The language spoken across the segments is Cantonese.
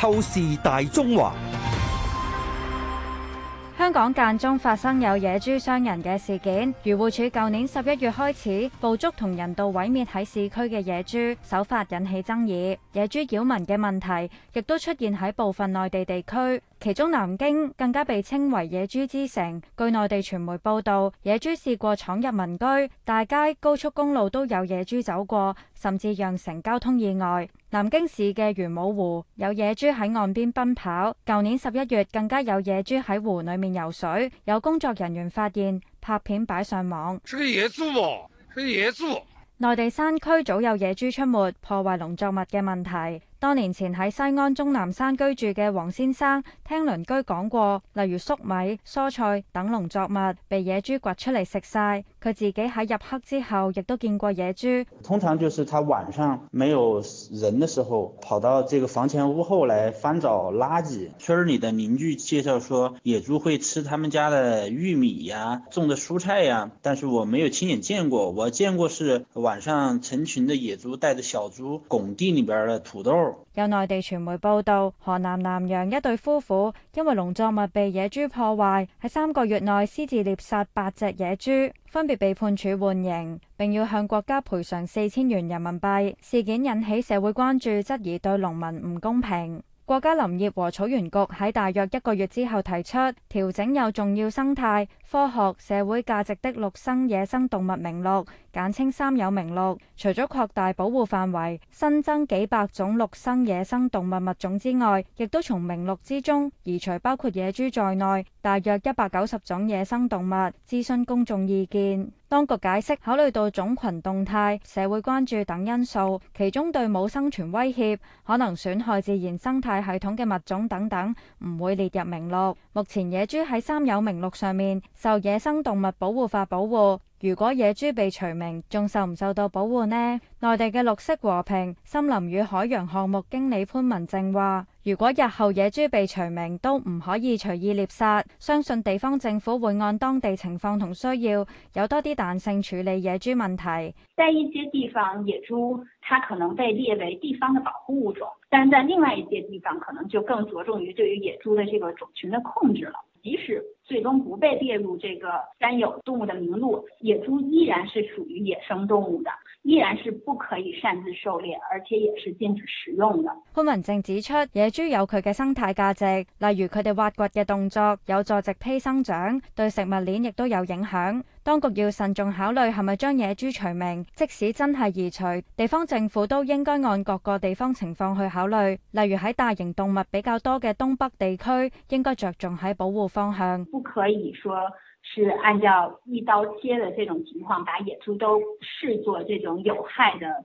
透視大中華，香港間中發生有野豬傷人嘅事件。漁護署舊年十一月開始捕捉同人道毀滅喺市區嘅野豬，手法引起爭議。野豬擾民嘅問題，亦都出現喺部分內地地區。其中南京更加被稱為野豬之城。據內地傳媒報道，野豬試過闖入民居、大街、高速公路都有野豬走過，甚至釀成交通意外。南京市嘅玄武湖有野豬喺岸邊奔跑，舊年十一月更加有野豬喺湖裏面游水，有工作人員發現拍片擺上網是。是個野豬喎，係野豬。內地山區早有野豬出沒，破壞農作物嘅問題。多年前喺西安終南山居住嘅黃先生，聽鄰居講過，例如粟米、蔬菜等農作物被野豬掘出嚟食晒。佢自己喺入黑之後，亦都見過野豬。通常就是他晚上沒有人的時候，跑到這個房前屋後來翻找垃圾。村裏的鄰居介紹說，野豬會吃他們家的玉米呀、啊、種的蔬菜呀、啊，但是我沒有親眼見過。我見過是晚上成群的野豬帶着小豬拱地裏邊的土豆。有內地傳媒報道，河南南陽一對夫婦因為農作物被野豬破壞，喺三個月內私自獵殺八隻野豬，分別被判處緩刑，並要向國家賠償四千元人民幣。事件引起社會關注，質疑對農民唔公平。國家林業和草原局喺大約一個月之後提出調整有重要生態、科學、社會價值的陸生野生動物名錄（簡稱三有名錄），除咗擴大保護範圍、新增幾百種陸生野生動物物種之外，亦都從名錄之中移除包括野豬在內大約一百九十種野生動物，諮詢公眾意見。當局解釋，考慮到種群動態、社會關注等因素，其中對冇生存威脅、可能損害自然生態系統嘅物種等等，唔會列入名錄。目前野豬喺三有名錄上面，受《野生動物保護法》保護。如果野豬被除名，仲受唔受到保護呢？內地嘅綠色和平森林與海洋項目經理潘文正話，如果日後野豬被除名，都唔可以隨意獵殺，相信地方政府會按當地情況同需要，有多啲彈性處理野豬問題。在一些地方，野豬它可能被列為地方嘅保護物種，但在另外一些地方，可能就更着重於對於野豬的這個種群的控制了。即使最終不被列入這個三有動物的名錄，野豬依然是屬於野生動物的。依然是不可以擅自狩獵，而且也是禁止食用的。潘文正指出，野豬有佢嘅生態價值，例如佢哋挖掘嘅動作有助植被生長，對食物鏈亦都有影響。當局要慎重考慮係咪將野豬除名，即使真係移除，地方政府都應該按各個地方情況去考慮。例如喺大型動物比較多嘅東北地區，應該着重喺保護方向。不可以說。是按照一刀切的這種情況，把野豬都視作這種有害的。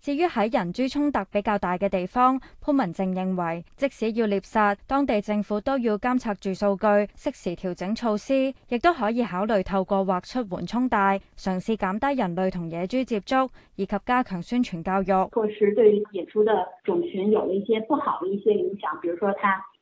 至於喺人豬衝突比較大嘅地方，潘文正認為，即使要獵殺，當地政府都要監察住數據，適時調整措施，亦都可以考慮透過劃出緩衝帶，嘗試減低人類同野豬接觸，以及加強宣傳教育。措施對野豬的種群有了一些不好的一些影響，比如說它。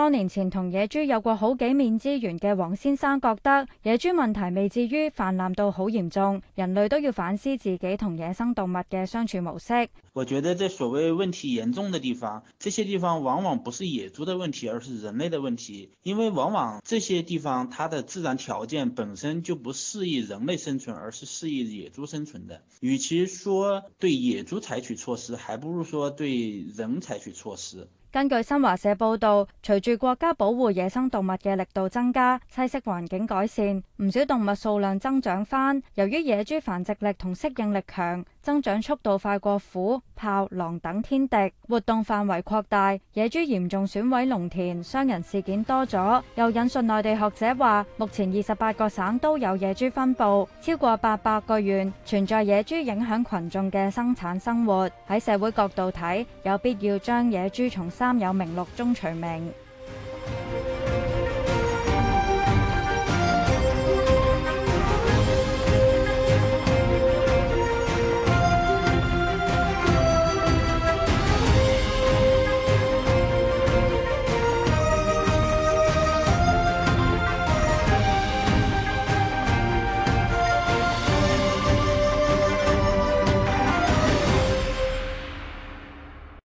多年前同野豬有過好幾面之緣嘅黃先生覺得野豬問題未至於泛濫到好嚴重，人類都要反思自己同野生動物嘅相處模式。我覺得，這所謂問題嚴重的地方，這些地方往往不是野豬的問題，而是人類的問題。因為往往這些地方，它的自然條件本身就不適宜人類生存，而是適宜野豬生存的。與其說對野豬採取措施，還不如說對人採取措施。根據新華社報道，隨住國家保護野生動物嘅力度增加，棲息環境改善，唔少動物數量增長翻，由於野豬繁殖力同適應力強。增長速度快過虎、豹、狼等天敵，活動範圍擴大，野豬嚴重損毀農田，傷人事件多咗。又引述內地學者話，目前二十八個省都有野豬分布，超過八百個縣存在野豬影響群眾嘅生產生活。喺社會角度睇，有必要將野豬從三有名錄中除名。